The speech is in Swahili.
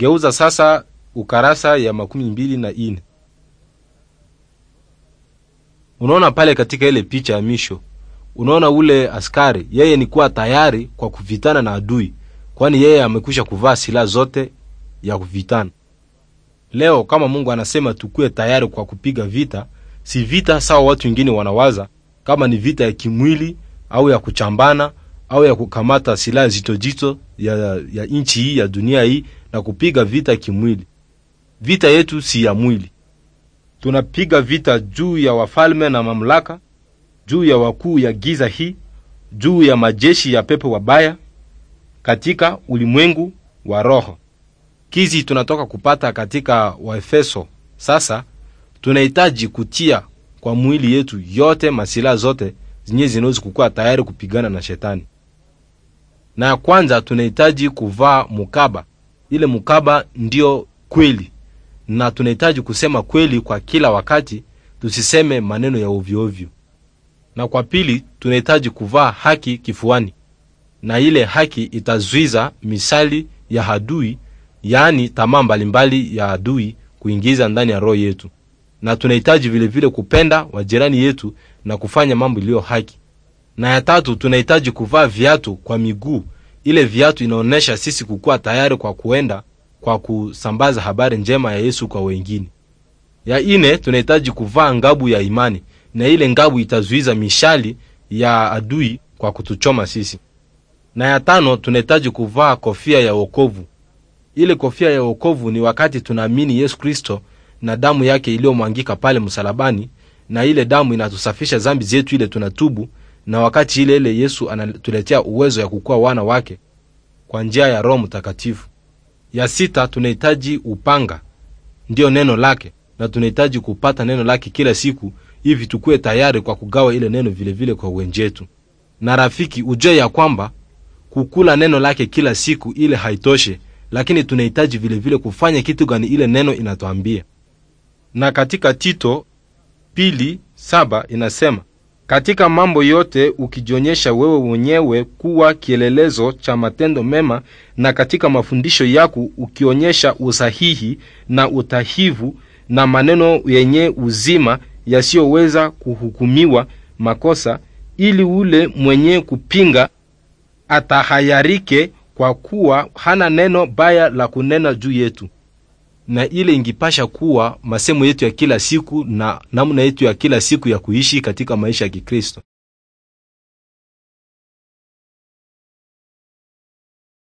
Geuza sasa ukarasa ya makumi mbili na ine. Unaona pale katika ile picha ya misho, unaona ule askari yeye ni kuwa tayari kwa kuvitana na adui, kwani yeye amekwisha kuvaa silaha zote ya kuvitana. Leo kama Mungu anasema tukue tayari kwa kupiga vita, si vita sawa watu wengine wanawaza kama ni vita ya kimwili au ya kuchambana au ya kukamata silaha zitojito ya, ya nchi hii ya dunia hii na kupiga vita kimwili. Vita yetu si ya mwili. Tunapiga vita juu ya wafalme na mamlaka, juu ya wakuu ya giza hii, juu ya majeshi ya pepo wabaya katika ulimwengu wa roho. Kizi tunatoka kupata katika Waefeso. Sasa tunahitaji kutia kwa mwili yetu yote masilaha zote zinye zinaweza kukuwa tayari kupigana na shetani. Na ya kwanza tunahitaji kuvaa mukaba ile mkaba ndio kweli, na tunahitaji kusema kweli kwa kila wakati, tusiseme maneno ya ovyo ovyo. Na kwa pili, tunahitaji kuvaa haki kifuani, na ile haki itazuiza misali ya adui, yaani tamaa mbalimbali ya adui kuingiza ndani ya roho yetu. Na tunahitaji vilevile kupenda wajirani yetu na kufanya mambo iliyo haki. Na ya tatu, tunahitaji kuvaa viatu kwa miguu ile viatu inaonyesha sisi kukuwa tayari kwa kuenda kwa kusambaza habari njema ya Yesu kwa wengine. Ya ine, tunahitaji kuvaa ngabu ya imani, na ile ngabu itazuiza mishali ya adui kwa kutuchoma sisi. Na ya tano, tunahitaji kuvaa kofia ya wokovu. Ile kofia ya wokovu ni wakati tunaamini Yesu Kristo na damu yake iliyomwangika pale msalabani, na ile damu inatusafisha zambi zetu, ile tunatubu na wakati ile ile Yesu anatuletea uwezo ya kukuwa wana wake kwa njia ya Roho Mtakatifu. Ya sita, tunahitaji upanga, ndiyo neno lake, na tunahitaji kupata neno lake kila siku, hivi tukuwe tayari kwa kugawa ile neno vilevile vile kwa wenjetu. Na rafiki, ujue ya kwamba kukula neno lake kila siku ile haitoshe, lakini tunahitaji vilevile kufanya kitu gani ile neno inatuambia. Na katika Tito pili saba inasema katika mambo yote ukijionyesha wewe mwenyewe kuwa kielelezo cha matendo mema, na katika mafundisho yako ukionyesha usahihi na utahivu na maneno yenye uzima yasiyoweza kuhukumiwa makosa, ili ule mwenye kupinga atahayarike, kwa kuwa hana neno baya la kunena juu yetu na ile ingipasha kuwa masemo yetu ya kila siku na namna yetu ya kila siku ya kuishi katika maisha ya Kikristo.